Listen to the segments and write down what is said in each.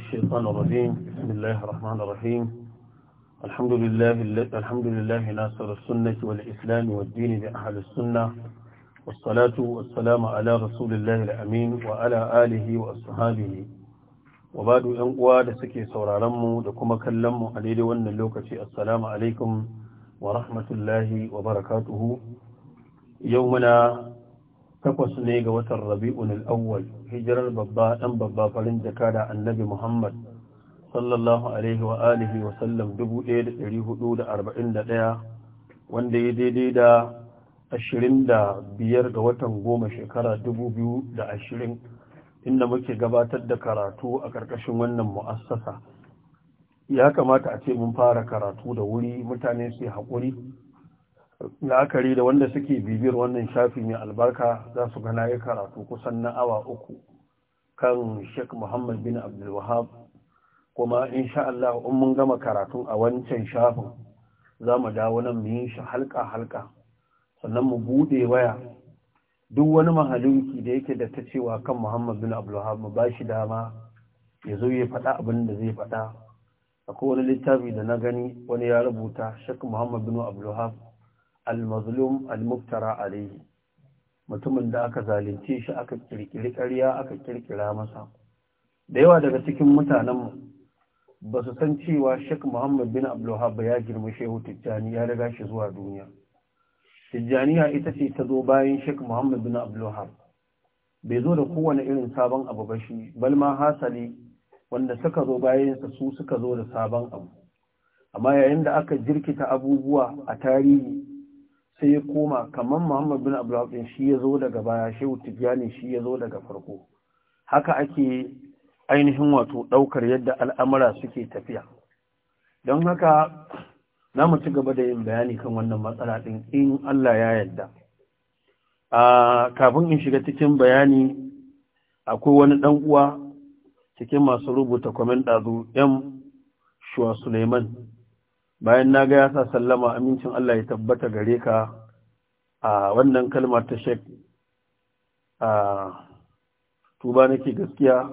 الشيطان الرجيم بسم الله الرحمن الرحيم الحمد لله الحمد لله ناصر السنة والإسلام والدين بأهل السنة والصلاة والسلام على رسول الله الأمين وعلى آله وأصحابه وبعد أن قواد سكي سورارمو لكم كلمو عليه وأن اللوكة السلام عليكم ورحمة الله وبركاته يومنا takwas ne ga watan rabi'un al'awwal hijirar babba ɗan babba farin jaka da annabi muhammad sallallahu alaihi wa alihi wa sallam 1441 wanda ya daidai da da biyar ga watan goma shekara 2020 inda muke gabatar da karatu a ƙarƙashin wannan mu'assasa ya kamata a ce mun fara karatu da wuri mutane su haƙuri la'akari da wanda suke bibiyar wannan shafi mai albarka za su gana ya karatu kusan na awa uku kan Sheikh Muhammad bin Abdul kuma insha Allah in mun gama karatun a wancan shafin za mu dawo nan mu yi shi halka halka sannan mu bude waya duk wani mahalunki da yake da ta cewa kan Muhammad bin Abdul mu ba shi dama ya zo ya faɗa abin da zai faɗa akwai wani littafi da na gani wani ya rubuta Sheikh Muhammad bin Abdul al-mazlum al mutumin da aka zalunce shi aka kirkiri ƙarya aka kirkira masa da yawa daga cikin mutanen ba su san cewa Sheikh Muhammad bin Abdulwahab ya girma Shehu Tijjani ya riga shi zuwa duniya Tijjaniya ita ce ta zo bayan Sheikh Muhammad bin Abdulwahab bai zo da kowane irin sabon abu ba shi balma hasali wanda suka zo bayan sa su suka zo da sabon abu amma yayin da aka jirkita abubuwa a tarihi sai ya koma kamar Muhammad bin Abdullah shi ya zo daga baya Shehu Tijjani shi ya zo daga farko haka ake ainihin wato daukar yadda al'amura suke tafiya don haka za mu ci gaba da yin bayani kan wannan matsala din in Allah ya yarda a kafin in shiga cikin bayani akwai wani dan uwa cikin masu rubuta comment ɗazu M Shuwa Suleiman bayan na ga ya sa sallama amincin Allah ya tabbata gare ka a wannan kalmar ta shek a tuba nake gaskiya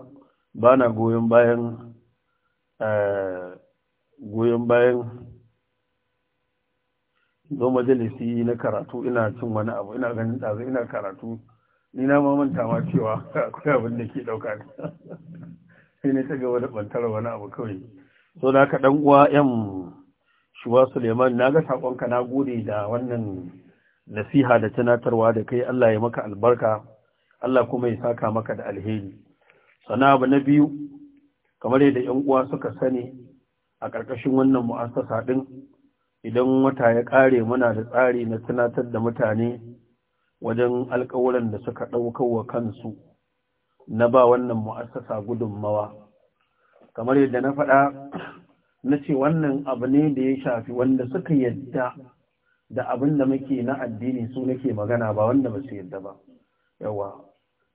ba na goyon bayan goyon bayan zo majalisi na karatu ina cin wani abu ina ganin ɗazu ina karatu ni na mamanta ma cewa akwai abin da ke ɗauka sai ne ta gaba da ɓantar wani abu kawai so da ka ɗan uwa 'yan shuwa Suleiman na ga saƙonka na gode da wannan nasiha da tunatarwa da kai Allah ya maka albarka Allah kuma ya saka maka da alheri sana abu na biyu kamar yadda 'yan uwa suka sani a ƙarƙashin wannan mu'assasa ɗin idan wata ya ƙare muna da tsari na tunatar da mutane wajen alƙawuran da suka ɗaukar wa kansu na ba wannan mu'assasa gudunmawa kamar yadda na faɗa na ce wannan abu ne da ya shafi wanda suka yadda da abin da muke na addini su nake magana ba wanda ba su yadda ba yawa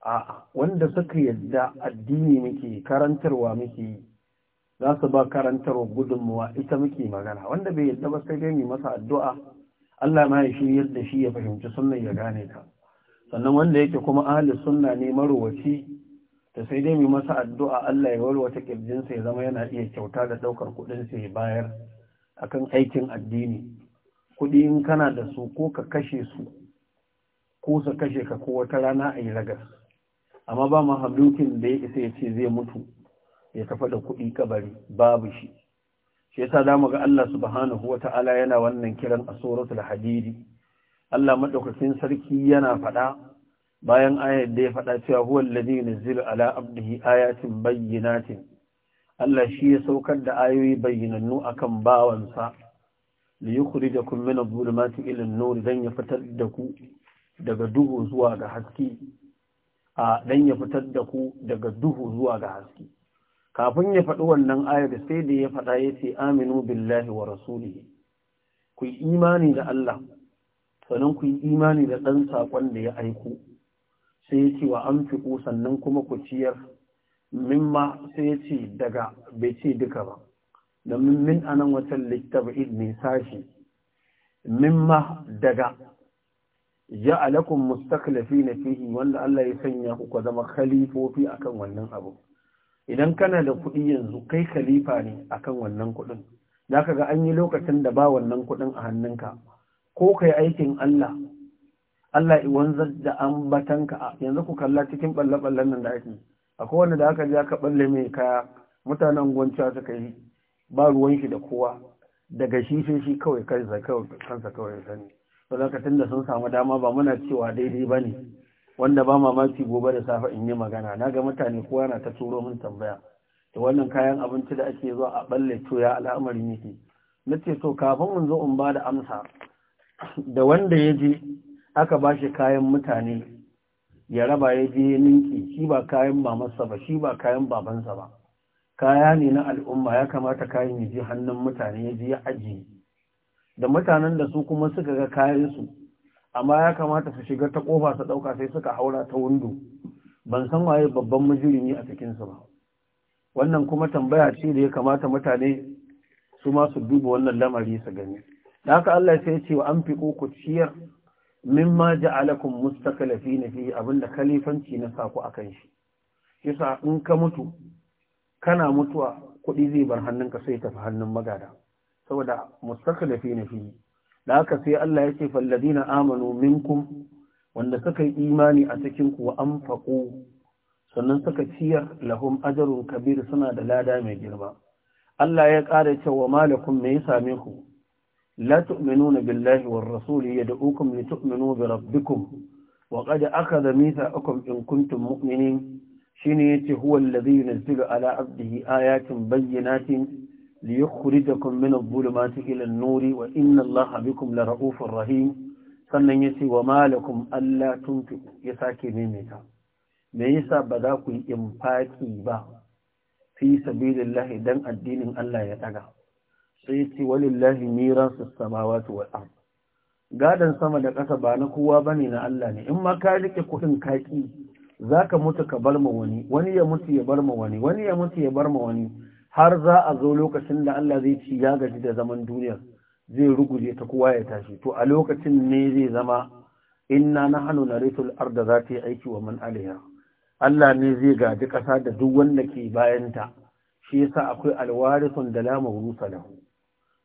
a wanda suka yadda addini muke karantarwa muke za su ba karantarwa gudunmuwa ita muke magana wanda bai yadda ba sai dai mai masa addu'a Allah ma ya shiryar da shi ya fahimci sunnan ya gane ta sannan wanda yake kuma ahli sunna ne marowaci da sai dai mai masa addu'a Allah ya warwata kirjinsa ya zama yana iya kyauta da ɗaukar kuɗinsa ya bayar akan aikin addini kuɗi in kana da su ko ka kashe su ko su kashe ka ko wata rana a yi ragas amma ba mahalukin da ya isa ya ce zai mutu ya tafi da kuɗi kabari babu shi shi yasa zamu ga Allah subhanahu ta'ala yana wannan kiran a suratul hadidi Allah madaukakin sarki yana faɗa bayan ayar da ya faɗa cewa huwa na zira ala abdihi ayatin bayyinatin Allah shi ya saukar da ayoyi bayyinannu kan bawansa kuri da min adh buru mati ilin don ya fitar da ku daga duhu zuwa ga haske a dan ya fitar da ku daga duhu zuwa ga haske kafin ya faɗi wannan ayar sai da ya faɗa yace aminu billahi wa rasulihi ku imani da Allah sannan ku imani da ɗan saƙon da ya aiko sai yace wa anfiqu sannan kuma ku ciyar mimma sai ce daga bai ce duka ba dan min a anan watan littabid ne sashi mimma daga ja'alakum na fihi wanda Allah ya sanya ku zama khalifofi akan wannan abu idan kana da kuɗi yanzu kai khalifa ne akan wannan kuɗin zaka ga an yi lokacin da ba wannan kuɗin a hannunka ko kai aikin Allah Allah ya wanzar da ambatanka yanzu ku kalla cikin balle-ballen nan da ake akwai wanda da aka ja ka balle mai kaya mutanen gwancewa suka yi ba ruwan shi da kowa daga shi sai shi kawai kansa kawai ya sani to da tunda sun samu dama ba muna cewa daidai ba ne wanda ba mamaki gobe da safe in yi magana na ga mutane kowa yana ta turo min tambaya da wannan kayan abinci da ake zuwa a balle toya al'amarin yake na ce to kafin mun zo in ba da amsa da wanda ya je aka ba shi kayan mutane ya raba ya je ninki shi ba kayan mamarsa ba shi ba kayan babansa ba kaya ne na al'umma ya kamata kayan ya je hannun mutane ya je ya ajiye da mutanen da su kuma suka ga kayansu amma ya kamata su shiga ta kofa su ɗauka sai suka haura ta windo ban san waye babban mujirimi a cikinsu ba wannan kuma tambaya ce da ya kamata mutane su ma su duba wannan lamari su gani da haka Allah sai ya ce wa an fi ku ciyar mimma ja'alakum mustakallifina fi abinda kalifanci na saku akan shi yasa in ka mutu kana mutuwa kuɗi zai bar hannunka sai tafi hannun magada saboda mustakallifina fi da haka sai Allah ya ce falladina amanu minkum wanda suka yi imani a cikin ku wa anfaqu sannan suka ciyar lahum ajrun kabir suna da lada mai girma Allah ya ƙara cewa malakum me ya same ku لا تؤمنون بالله والرسول يدعوكم لتؤمنوا بربكم وقد أخذ ميثاقكم إن كنتم مؤمنين شنيت هو الذي ينزل على عبده آيات بينات ليخرجكم من الظلمات إلى النور وإن الله بكم لرؤوف رحيم sannan ya ce wa malakum Allah tuntu ya sake maimaita me yasa ba za ku yi infaki ba fi sabilillahi dan addinin Allah ya daga sai ce walillahi mirasu samawati wal ard Gadon sama da ƙasa ba na kowa bane na Allah ne in ma ka rike kuɗin Za zaka mutu ka bar ma wani wani ya mutu ya bar ma wani wani ya mutu ya bar ma wani har za a zo lokacin da Allah zai ci ya gaji da zaman duniya zai ruguje ta kowa ya tashi to a lokacin ne zai zama inna nahnu narithul arda yi aiki wa man alaiha Allah ne zai gaji ƙasa da duk wanda ke bayanta shi yasa akwai alwarithun da la mawrusa lahu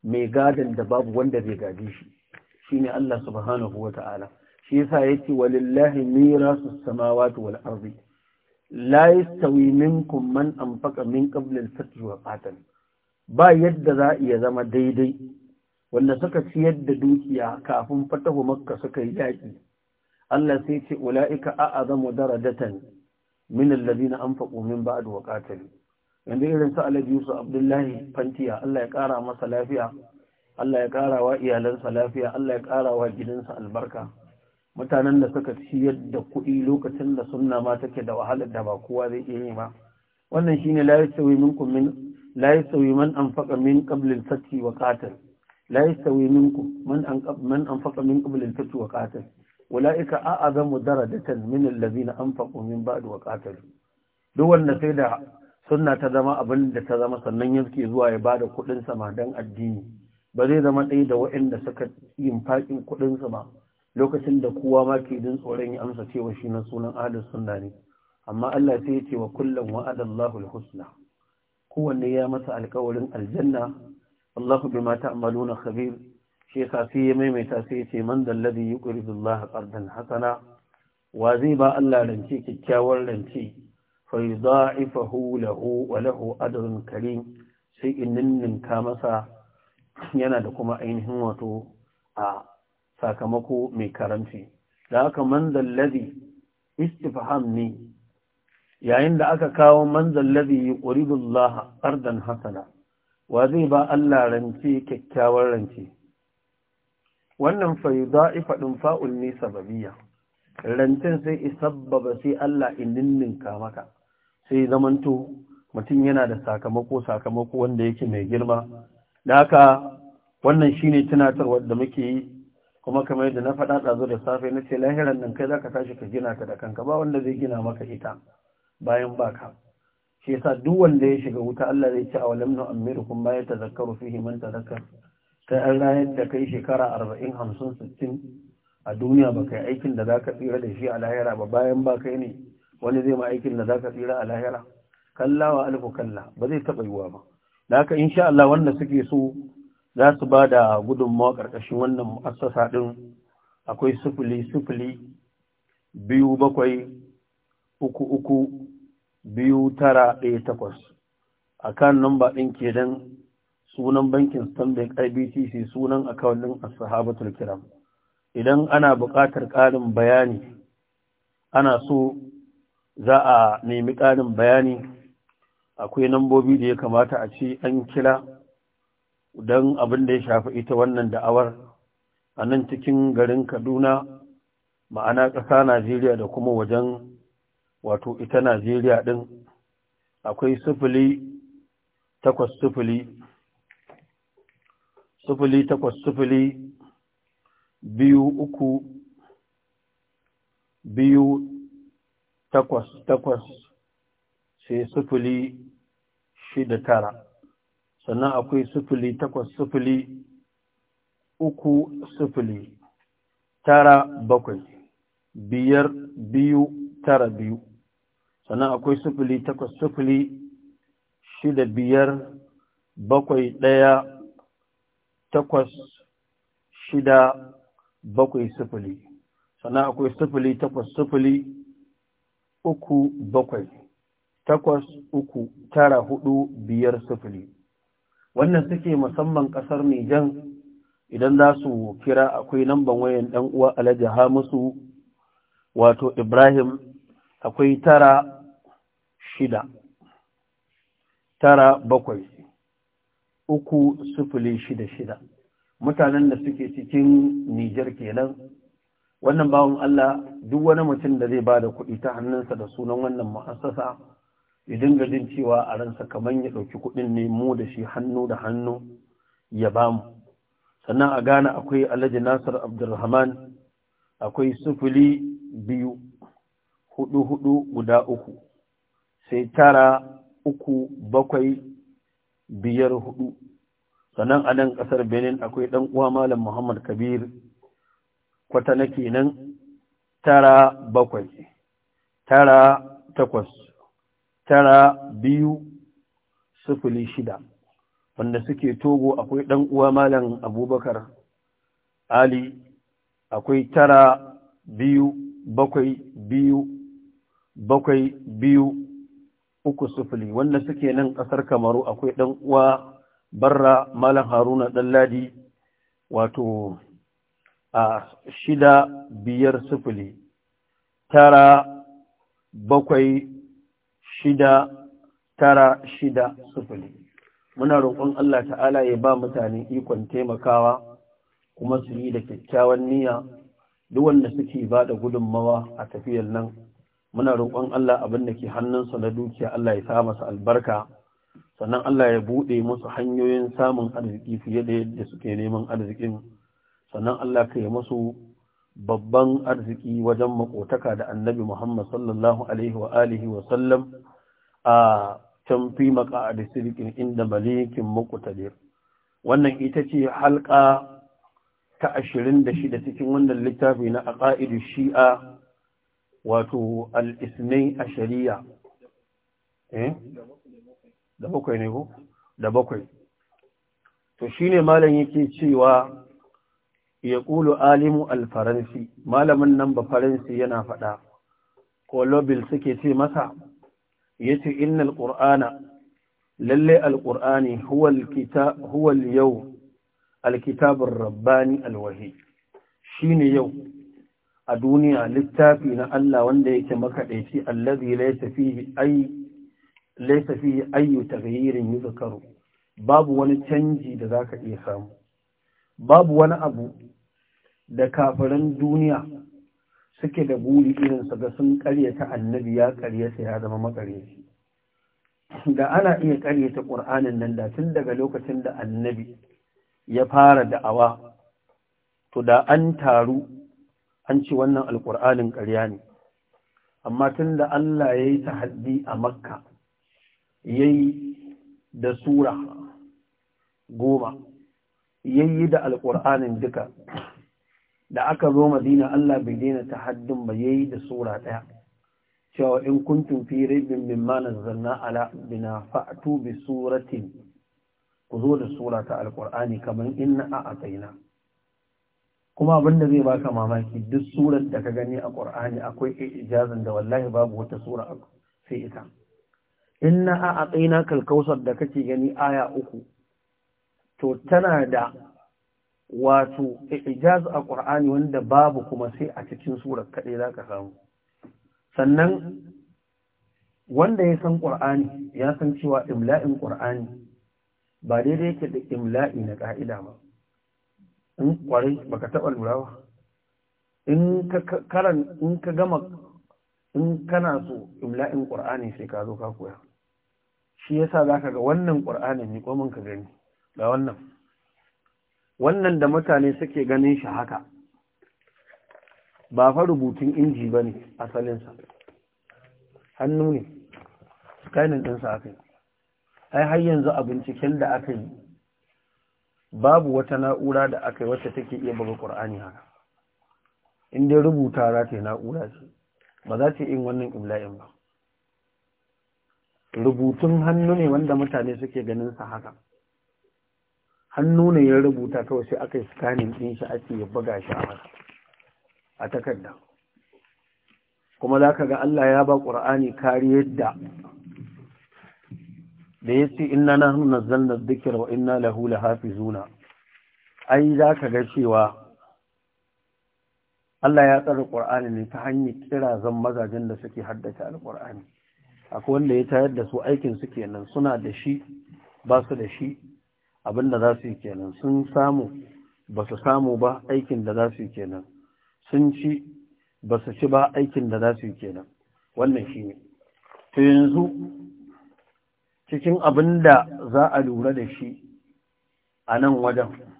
mai gadon da babu wanda zai gaji shi shine Allah subhanahu wata'ala shi yasa yace walillahi mirasus samawati wal ardi la yastawi minkum man amfaka min qabla al wa ba yadda za iya zama daidai wanda suka ci da dukiya kafin fatahu makka suka yi yaki Allah sai ce ula'ika zama darajatan min alladhina anfaqu min ba'd wa qatalu yanzu irin su Alhaji Yusuf Abdullahi Fantiya Allah ya ƙara masa lafiya Allah ya ƙara wa iyalansa lafiya Allah ya ƙara wa gidansa albarka mutanen da suka ciyar da kuɗi lokacin da sunna ma take da wahalar da ba kowa zai iya yi ba wannan shine la yasawi minkum min لا يستوي من أنفق من قبل الفتح وقاتل لا يستوي منكم من أنقب من أنفق من قبل الفتح وقاتل أولئك أعظم درجة من الذين أنفقوا من بعد وقاتلوا sai da. sunna ta zama abin da ta zama sannan yake zuwa ya bada kuɗin sama don addini ba zai zama ɗaya da waɗanda suka yin fakin kuɗin sama lokacin da kowa ma ke jin tsoron ya amsa cewa shi na sunan ahlus sunna ne amma Allah sai ya ce wa kullum wa'ada Allahul husna kowanne ya masa alƙawarin aljanna Allahu bima ta'maluna khabir shi yasa sai ya maimaita sai ya ce man dal ladhi yuqridu Allah qardan hasana wa zai ba Allah rance kyakkyawar rance fa yudha'ifahu lahu wa lahu sai in ka masa yana da kuma ainihin wato a sakamako mai karanci da haka manzal ladhi istifham ne yayin da aka kawo manzal yi yuridu Allah ardan hasana wa zai ba Allah rance kyakkyawar rance wannan faida ifadin fa'ul ne sababiyya rancen sai isabbaba sai Allah in ninninka maka sai zamanto mutum yana da sakamako sakamako wanda yake mai girma da haka wannan shine tunatarwar da muke yi kuma kamar yadda na faɗa ɗazu da safe na ce lahiran nan kai za ka tashi ka gina ka da kanka ba wanda zai gina maka ita bayan baka shi yasa duk wanda ya shiga wuta Allah zai ce a walam nu amirukum ma yatazakkaru fihi man tazakkar kai an rayar da kai shekara arba'in hamsin sittin a duniya ba kai aikin da za ka tsira da shi a lahira ba bayan ba ne wani zai ma aikin da zaka tsira a lahira kalla wa alfu kalla ba zai taba yiwa ba da haka insha Allah wanda suke so za su ba da gudunmawa ƙarƙashin wannan mu'assasa din akwai sufuli sufuli biyu bakwai uku uku biyu tara ɗaya takwas a kan namba ɗin ke dan sunan bankin stanbic ibtc sunan akawunin asahabatul kiram idan ana buƙatar ƙarin bayani ana so za a nemi ƙarin bayani akwai nambobi da ya kamata a ci an kira don abin da ya shafi ita wannan da'awar a nan cikin garin kaduna ma'ana ƙasa najeriya da kuma wajen wato ita najeriya ɗin akwai sufuli takwas sufuli sufuli takwas sufuli biyu uku biyu takwas takwas sai sufuli shida tara sannan akwai sufuli takwas sufuli uku sufuli tara bakwai biyar biyu tara biyu sannan akwai sufuli takwas sufuli shida biyar bakwai ɗaya takwas shida bakwai sufuli sannan akwai sufuli takwas sufuli uku bakwai takwas uku tara hudu biyar sufuri wannan suke musamman ƙasar nijan idan za su kira akwai namban wayan ɗan uwa alhaji hamisu wato ibrahim akwai tara shida tara bakwai uku sufuli shida shida mutanen da suke cikin nijar kenan wannan bawan Allah duk wani mutum da zai bada kuɗi ta hannunsa da sunan wannan mu'assasa ya dinga jin cewa a ransa kamar ya ɗauki kuɗin ne mu da shi hannu da hannu ya ba mu sannan a Ghana akwai Alhaji Nasir Abdulrahman akwai sufuli biyu hudu hudu guda uku sai tara uku bakwai biyar hudu sannan a nan ƙasar Benin akwai ɗan uwa Malam Muhammad Kabir kwata na kenan tara bakwai tara takwas tara biyu sufuli shida wanda suke togo akwai ɗan uwa malam abubakar ali akwai tara biyu bakwai biyu bakwai biyu uku sufuli wanda suke nan ƙasar kamaru akwai ɗan uwa barra malam haruna Ladi wato a shida biyar sufuli tara bakwai shida tara shida sufuli muna roƙon Allah ta'ala ya ba mutane ikon taimakawa kuma su yi da kyakkyawan niyya duk wanda suke ba da gudunmawa a tafiyar nan muna roƙon Allah abin da ke hannunsa na dukiya Allah ya sa masa albarka sannan Allah ya buɗe musu hanyoyin samun arziki fiye da yadda suke neman arzikin sannan Allah ka yi masu babban arziki wajen makotaka da annabi Muhammad sallallahu alaihi wa alihi wa sallam a maka a sirikin inda malikin muqtadir wannan ita ce halka ta ashirin da shida cikin wannan littafi na aqaidu shi'a wato al a shari'a eh? da bakwai ne ko da bakwai to shine malam yake cewa ya ƙulu alimu alfaransi malamin nan ba faransi yana faɗa kolobil suke ce masa ya ce innal ƙur'ana lalle alƙur'ani huwal yau alkitabin rabbani alwahi shi ne yau a duniya littafi na Allah wanda yake makaɗaici allazi laisa fihi ay laisa irin ayyu babu wani canji da za ka iya samu babu wani abu da kafirin duniya suke da buri irinsa ga sun karyata annabi ya karyata ya zama makaryaci da ana iya karyata ƙur'anin nan da tun daga lokacin da annabi ya fara da'awa to da an taru an ci wannan alƙur'anin ƙarya ne amma tun da Allah ya yi tahaddi a makka ya yi da sura goma yayi da alƙur'anin duka da aka zo madina Allah bai daina ta haddin ba yayi da sura ɗaya cewa in kuntum fi raibin mimma nazzalna ala bina fa'tu bi suratin ku zo da sura ta alƙur'ani kamar inna a ataina kuma abinda zai baka mamaki duk surar da ka gani a ƙur'ani akwai ijazin da wallahi babu wata sura sai ita inna a ataina kalkausar da kake gani aya uku to tana da wato ijaz a ƙur'ani wanda babu kuma sai a cikin surar kaɗai za ka samu sannan wanda ya san ƙur'ani ya san cewa imla'in ƙur'ani ba daidai yake da imla'i na ƙa'ida ba in ƙwarai baka taɓa lura ba in ka gama in kana so imla'in ƙur'ani sai ka zo ka koya shi yasa za ka ga wannan ƙur'anin ne mun ka gani Ga wannan wannan da mutane suke ganin shi haka ba fa rubutun inji ba ne asalinsa hannu ne kainin ɗinsa aka yi ai har yanzu a binciken da aka yi babu wata na'ura da aka yi wacce take iya buga ƙur'ani haka inda rubuta za ta na'ura ce ba za ta in wannan imla'in ba rubutun hannu ne wanda mutane suke ganin sa haka hannu ne ya rubuta kawai sai aka yi scanning ɗin shi ake ya buga shi a haka a takarda kuma za ka ga Allah ya ba ƙur'ani kariyar da da ya ce inna na hannun nazzalna dhikra wa inna lahu lahafizuna ai za ka ga cewa Allah ya tsara ƙur'ani ne ta hanyar kira zan mazajen da suke haddace alƙur'ani akwai wanda ya tayar da su aikin su kenan suna da shi ba su da shi abin da za su yi kenan sun samu ba su samu ba aikin da za su yi kenan sun ci ba su ci ba aikin da za su yi kenan wannan shi ne yanzu cikin abin da za a lura da shi a nan wajen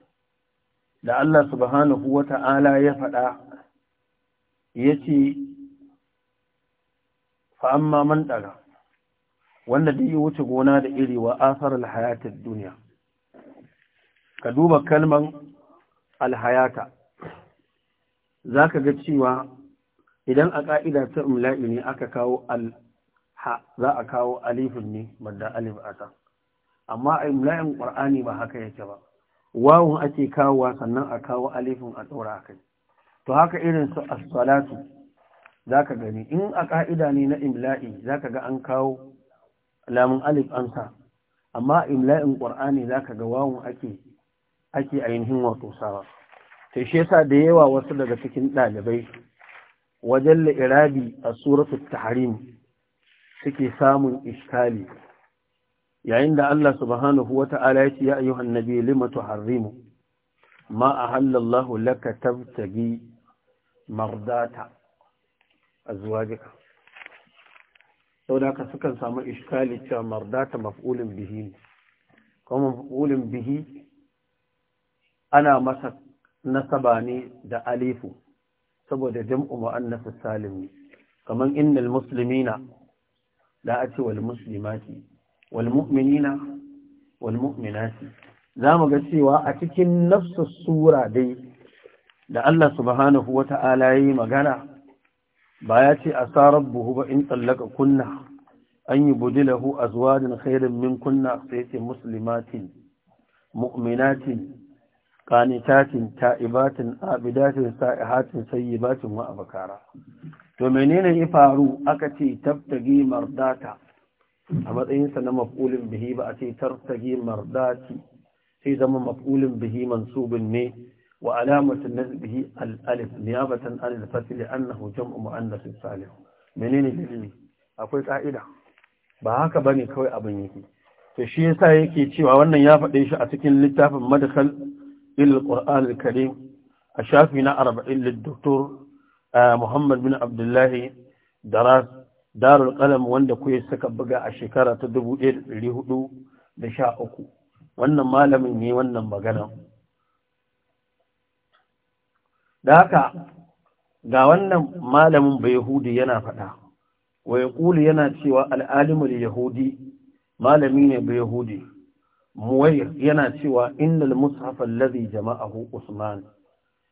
da Allah subhanahu wa ta'ala ya faɗa ya ce fa'amma man ɗaga wanda da yi wuce gona da iri wa asarar hayatar duniya ka duba kalman alhayata za ka ga cewa idan a ƙa'ida ta imla'i ne aka kawo alha za a kawo alifin ne madda alif Ata. amma a umla’in ƙwar'ani ba haka yake ba wawon ake kawowa sannan a kawo alifin a tsora a kai to haka irin su as za ka gani in a ƙa'ida ne na umla’i za ka ga an kawo lamun alif an sa amma imla'in ƙwar'ani za ka ga wawon ake ake ainihin wato sawa to shi yasa da yawa wasu daga cikin ɗalibai wajen la'irabi a suratul tahrim suke samun iskali yayin da Allah subhanahu wata'ala ya ce ya ayyuhan nabi lima tuharrimu ma ahallallahu laka tabtagi mardata azwajika saboda haka sukan samu iskali cewa mardata maf'ulin bihi ne kuma maf'ulin bihi ana masa nasaba ne da alifu saboda jam'u mu'annas salim ne kaman innal muslimina da a ce wal muslimati wal mu'minina wal mu'minati mu ga cewa a cikin nafsu sura dai da Allah subhanahu wata'ala yayi magana ba ya ce sarar buhu ba in tsallaka kunna an yi budilahu a zuwa min kunna sai ce muslimatin mu'minatin qanitatin ta'ibatin abidatin sa'ihatin sayyibatin wa abkara to menene ya faru aka ce tabtagi mardata a matsayinsa na maf'ulin bihi ba a ce tabtagi mardati sai zama maf'ulin bihi mansubin ne wa alamatin nasbihi bihi alif niyabatan an al-fasl annahu jam'u muannath salih menene dalili akwai ka'ida ba haka bane kawai abin yake to shi yasa yake cewa wannan ya faɗe shi a cikin littafin madkhal إلى القرآن الكريم أشافينا أربعين للدكتور محمد بن عبد الله دراس دار القلم وند كوي سكبغا الشكارة تدبو إير لهدو دشاؤكو وانا ما لمني يني ما مغانا داكا دا wannan ما لم بيهودي yana faɗa, wa ya yana cewa al'alimin Yahudi malami ne muwayir yana cewa innal mushaf allazi jama'ahu usman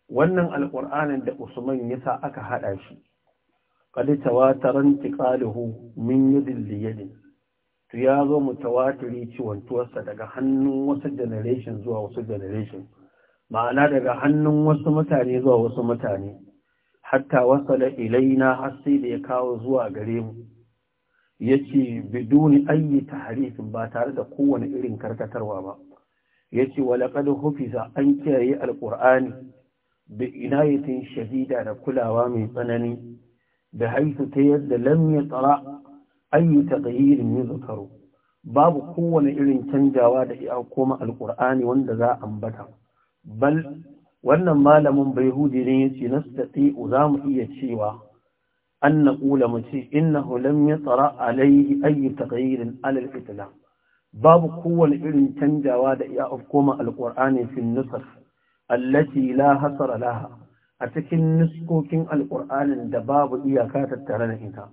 wannan alqur'anin da usman yasa aka hada shi qad tawataran tiqaluhu min yadin li yadin to ya zo mutawatiri tuwarsa daga hannun wasu generation zuwa wasu generation ma'ana daga hannun wasu mutane zuwa wasu mutane hatta wasala ilaina har sai da ya kawo zuwa gare mu yace biduni ayi tahrif ba tare da kowane irin karkatarwa ba yace walaqad hufiza an kiyaye alqur'ani bi inayatin shadida da kulawa mai tsanani da haifu ta yadda lam yatara ayi taghyirin zakaru babu kowane irin canjawa da iya koma alqur'ani wanda za ambata bal wannan malamin bayhudi ne yace nastati'u za mu iya cewa an naƙula mu ce innahu lam yatara alayhi ay taghyirin alal islam babu kowane irin canjawa da iya afkoma Alƙur'ani fi nusakh allati la hasara laha a cikin nuskokin alƙur'anin da babu iyaka tattare da ita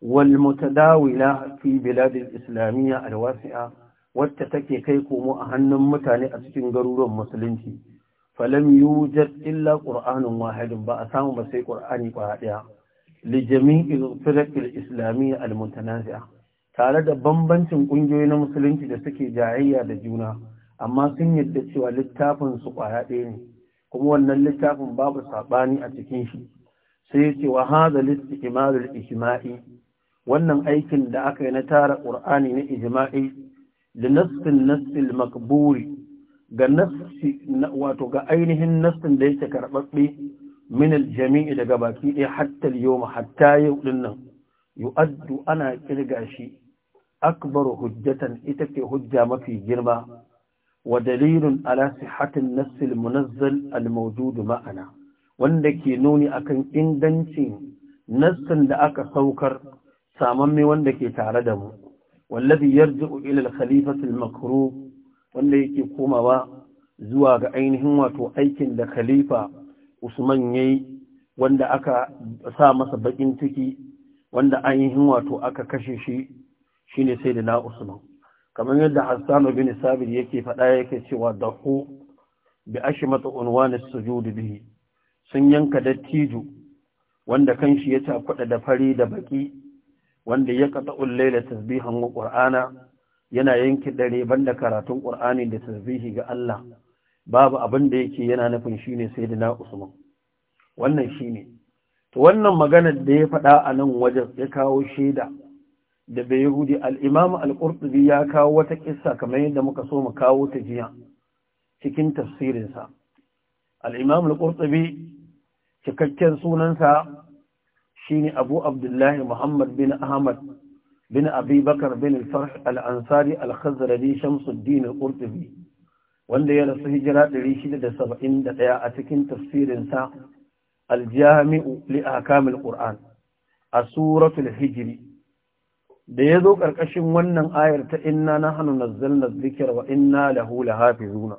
wal mutadawila fi biladil islamiyya alwasi'a wasia wacce take kai komo a hannun mutane a cikin garuruwan musulunci falam yujad illa qur'anun wahidun ba a samu ba sai qur'ani kwaya daya li jami'il firaqil islamiyya al-mutanazi'a tare da bambancin ƙungiyoyi na musulunci da suke jayayya da juna amma sun yadda cewa littafin su kwaya ɗaya ne kuma wannan littafin babu saɓani a cikin shi sai ya ce wa hadha listiqmal ijmai wannan aikin da aka yi na tara qur'ani na ijma'i li nasl nasl ga nassi wato ga ainihin nassin da yake karɓaɓɓe min aljami'i daga baki ɗaya hatta yau hatta yau ɗin nan yu'addu ana kirga shi akbar hujjatan ita ke hujja mafi girma wa dalilun ala sihhatin nassil munazzal almawjud ma'ana wanda ke nuni akan ingancin nassin da aka saukar samamme wanda ke tare da mu wallazi yarji'u ila al-khalifati al-makruh wanda yake komawa zuwa ga ainihin wato aikin da khalifa usman ya yi wanda aka sa masa bakin ciki wanda an ainihin wato aka kashe shi shine sai da na usman kamar yadda Hassan bin sabir yake faɗa yake cewa dahu bi ashmata unwan na sujud bihi sun yanka dattijo wanda kan shi ya takwada da fari da baki wanda ya qata'ul da tasbihan wa ƙur'ana, yana yanki dare banda karatun ƙur'ani da tasbihi ga Allah babu abin da yake yana nufin shine sayyidina usman wannan shine wannan maganar da ya faɗa a nan wajen ya kawo shaida da bai yahudi al-imam al ya kawo wata kissa kamar yadda muka so mu kawo ta jiya cikin tafsirinsa al-imam cikakken sunansa shine abu abdullahi muhammad bin ahmad bin Abibakar, bin al-farh al-ansari al-khazrali shamsuddin wanda ya rasu hijira 671 a cikin tafsirinsa aljami'u li ahkamil qur'an a suratul hijri da yazo karkashin wannan ayar ta inna nahnu nazzalna dhikra wa inna lahu lahafizuna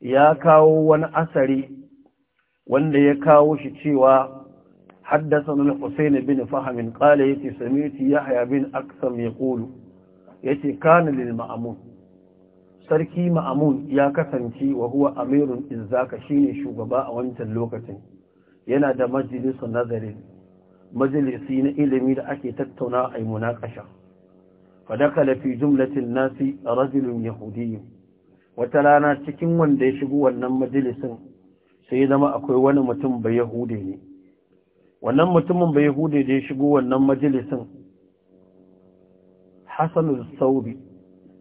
ya kawo wani asari wanda ya kawo shi cewa حدثنا الحسين بن فهم قال يتي yahya bin بن ya يقول يتي كان للمأمون sarki ma'amun ya kasance wa huwa amirun izzaka shine shugaba a wancan lokacin yana da majalisu nazarin majalisi na ilimi da ake tattauna a munakasha fadakala fi jumlatin nasi rajulun yahudi wata rana cikin wanda ya shigo wannan majalisin sai zama akwai wani mutum bai yahude ne wannan mutumin bai yahude da ya shigo wannan majalisin hasanul sauri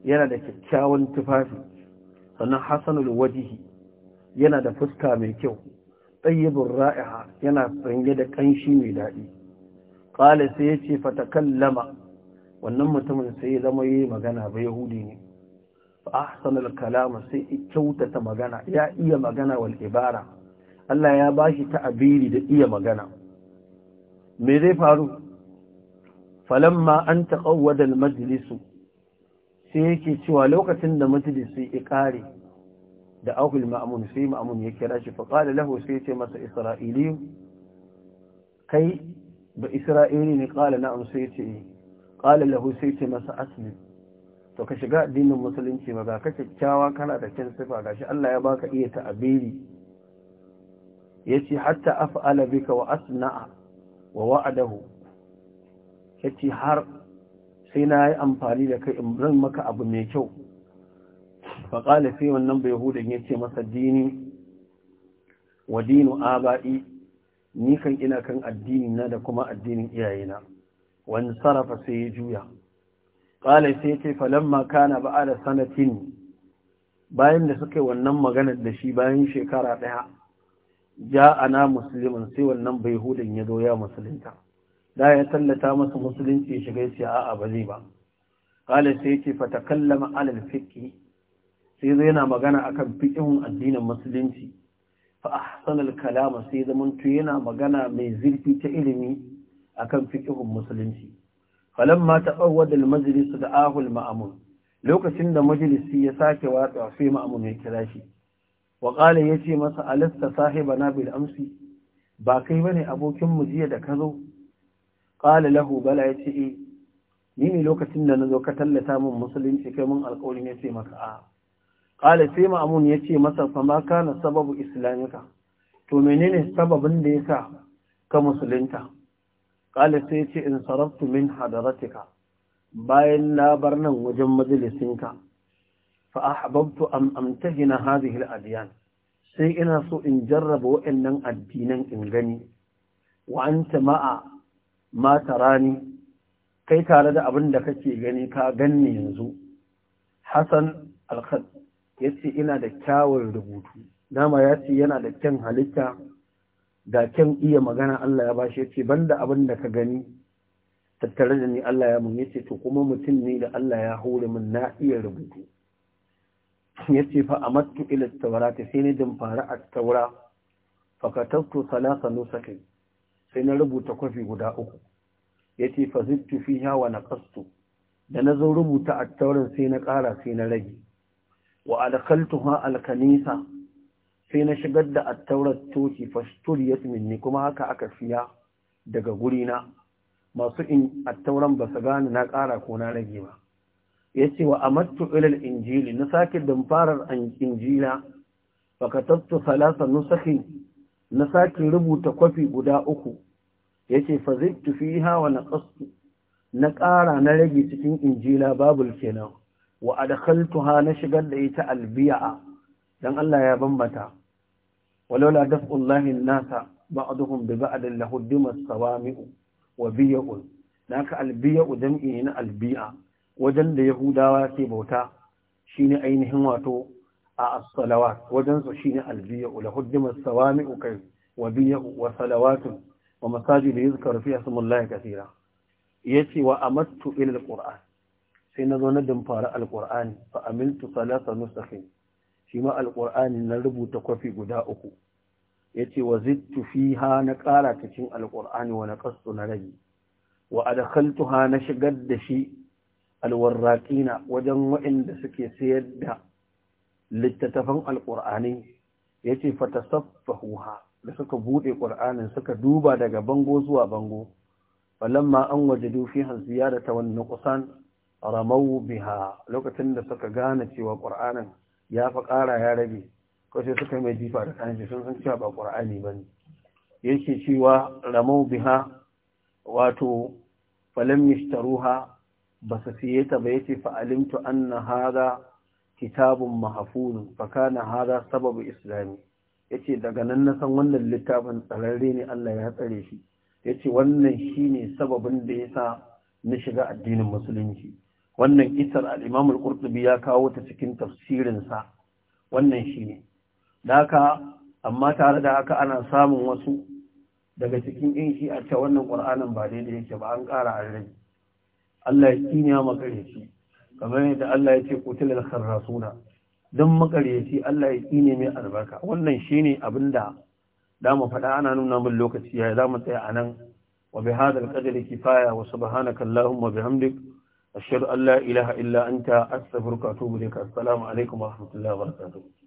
yana da kyakkyawan tufafi sannan hasanul wajihi yana da fuska mai kyau tsayyibin ra'iha yana sanye da ƙanshi mai daɗi ƙala sai ya ce kallama. wannan mutumin sai zama yi magana ba yahudi ne fa ahsanul kalama sai kyautata magana ya iya magana wal ibara Allah ya bashi abiri da iya magana me zai faru falamma an taqawwada al majlisu sai yake cewa lokacin da majalisi ya kare da aukul ma'amun sai ma'amun ya kira shi faƙaɗa lahu sai ce masa isra'ili kai ba isra'ili ne ƙala na'am sai ce lahu sai ce masa asli to ka shiga addinin musulunci ba ga ka kyakkyawa kana da kyan sifa gashi Allah ya baka iya ta'abiri yace hatta af'ala bika wa asna'a wa wa'adahu yace har sai na yi amfani da kai in zan maka abu mai kyau faƙala sai wannan bai hudan ya ce masa dini wa dinu aba'i ni kan ina kan addini na da kuma addinin iyayena wani sarrafa sai ya juya ƙala sai ce na kana ba'a da sanatin bayan da suka yi wannan maganar da shi bayan shekara ɗaya ja ana musulmin sai wannan bai hudun ya zo ya musulunta da ya tallata masa musulunci ya shiga yace a'a ba zai ba qala sai yace fa takallama alal fiqh sai zai yana magana akan fiqhun addinin musulunci fa ahsana al kalama sai zaman to yana magana mai zurfi ta ilimi akan fiqhun musulunci falamma taqawwada al majlis da'ahu al ma'mun lokacin da majlisi ya sake watsa sai ma'mun ya kira shi wa qala yace masa alasta sahibana bil amsi ba kai bane abokin mu jiya da ka zo ƙala lahu bala ya ce eh, ni ne lokacin da na zo ka tallata min musulunci kai mun alƙawarin ya ce maka a ƙala sai ma'amun ya ce masa fama na sababu islamika to menene sababin da ya sa ka musulunta ƙala sai ya ce in sarabtu min hadaratika bayan na bar nan wajen majalisinka fa ahbabtu am amtahina hadhihi al-adyan sai ina so in jarraba waɗannan addinan in gani wa anta ma'a matarani rani, kai tare da abin da kake gani ka ganni yanzu hasan alkhad ya ce ina da kyawun rubutu dama ya ce yana da kyan halitta da kyan iya magana Allah ya bashi ya ce banda abin da ka gani tattare da ni Allah ya mun ya ce to kuma mutum ne da Allah ya hore min na iya rubutu ya ce fa amattu ila taurata sai ni din fara a taura fa katabtu salasa nusakin sai na rubuta kwafi guda uku ya ce fazittu fi hawa na kastu. da na zo rubuta a taurin sai na ƙara sai na rage wa alkaltuha alkanisa sai na shigar da attaurar toki fasturiyat minni kuma haka aka siya daga gurina masu in attauran ba su gane na ƙara ko na rage ba ya ce wa amattu ilal injili na sake damfarar injila baka tattu salasa nusakin na sake rubuta kwafi guda uku ya ce fazittu fi hawa na ƙasu na ƙara na rage cikin injila babul kenan wa adkhaltuha na shigar da ita albi'a dan Allah ya bambata walaula daf'ullahi nasa ba'dhum bi ba'd lahuddimat sawami'u wa bi'un naka albi'u jam'i na albi'a wajen da yahudawa ke bauta shine ainihin wato a as-salawat wajen su shine albiyu la huddimat sawami'u kai wa biyu wa salawatun wa masajid yuzkar fiha ismullahi Ya ce wa amattu ilil quran sai na zo na dimfara al-qur'ani fa amiltu salasa nusakhin shi ma al-qur'ani na rubuta kwafi guda uku ce wa zidtu ha na ƙara cikin al-qur'ani wa naqastu na rage wa ha na shigar da shi alwarraƙina wajen waɗanda suke sayar da littattafan alƙur'ani ya ce fatasaffahuha da suka buɗe ƙur'anin suka duba daga bango zuwa bango ma an waje dufi hanziya da ta wani kusan ramau biha lokacin da suka gane cewa ƙur'anin ya fa ƙara ya rage kashe suka mai jifa da kanshi sun san cewa ba ƙur'ani ba ne yake cewa ramau biha wato falam yashtaruha ba su siye ta ba yace fa alimtu anna hada kitabun mahafunu fakana hada sababu islami yace daga nan na san wannan littafin tsararre ne Allah ya tsare shi yace wannan shine sababin da ya sa na shiga addinin musulunci wannan kisar al-Imam al-Qurtubi ya kawo ta cikin tafsirin sa wannan shine haka amma tare da haka ana samun wasu daga cikin in shi a ce wannan Qur'anin ba daidai yake ba an ƙara an rage Allah ya kiniya maka shi kamar yadda Allah ya ce kutilal rasuna dan makaryaci Allah ya kine mai albarka wannan shine abinda da mu faɗa ana nuna min lokaci ya za mu tsaya nan wa bi hadal qadri kifaya wa subhanaka allahumma bihamdik ashhadu an la ilaha illa anta astaghfiruka wa atubu ilaik assalamu alaikum wa rahmatullahi wa barakatuh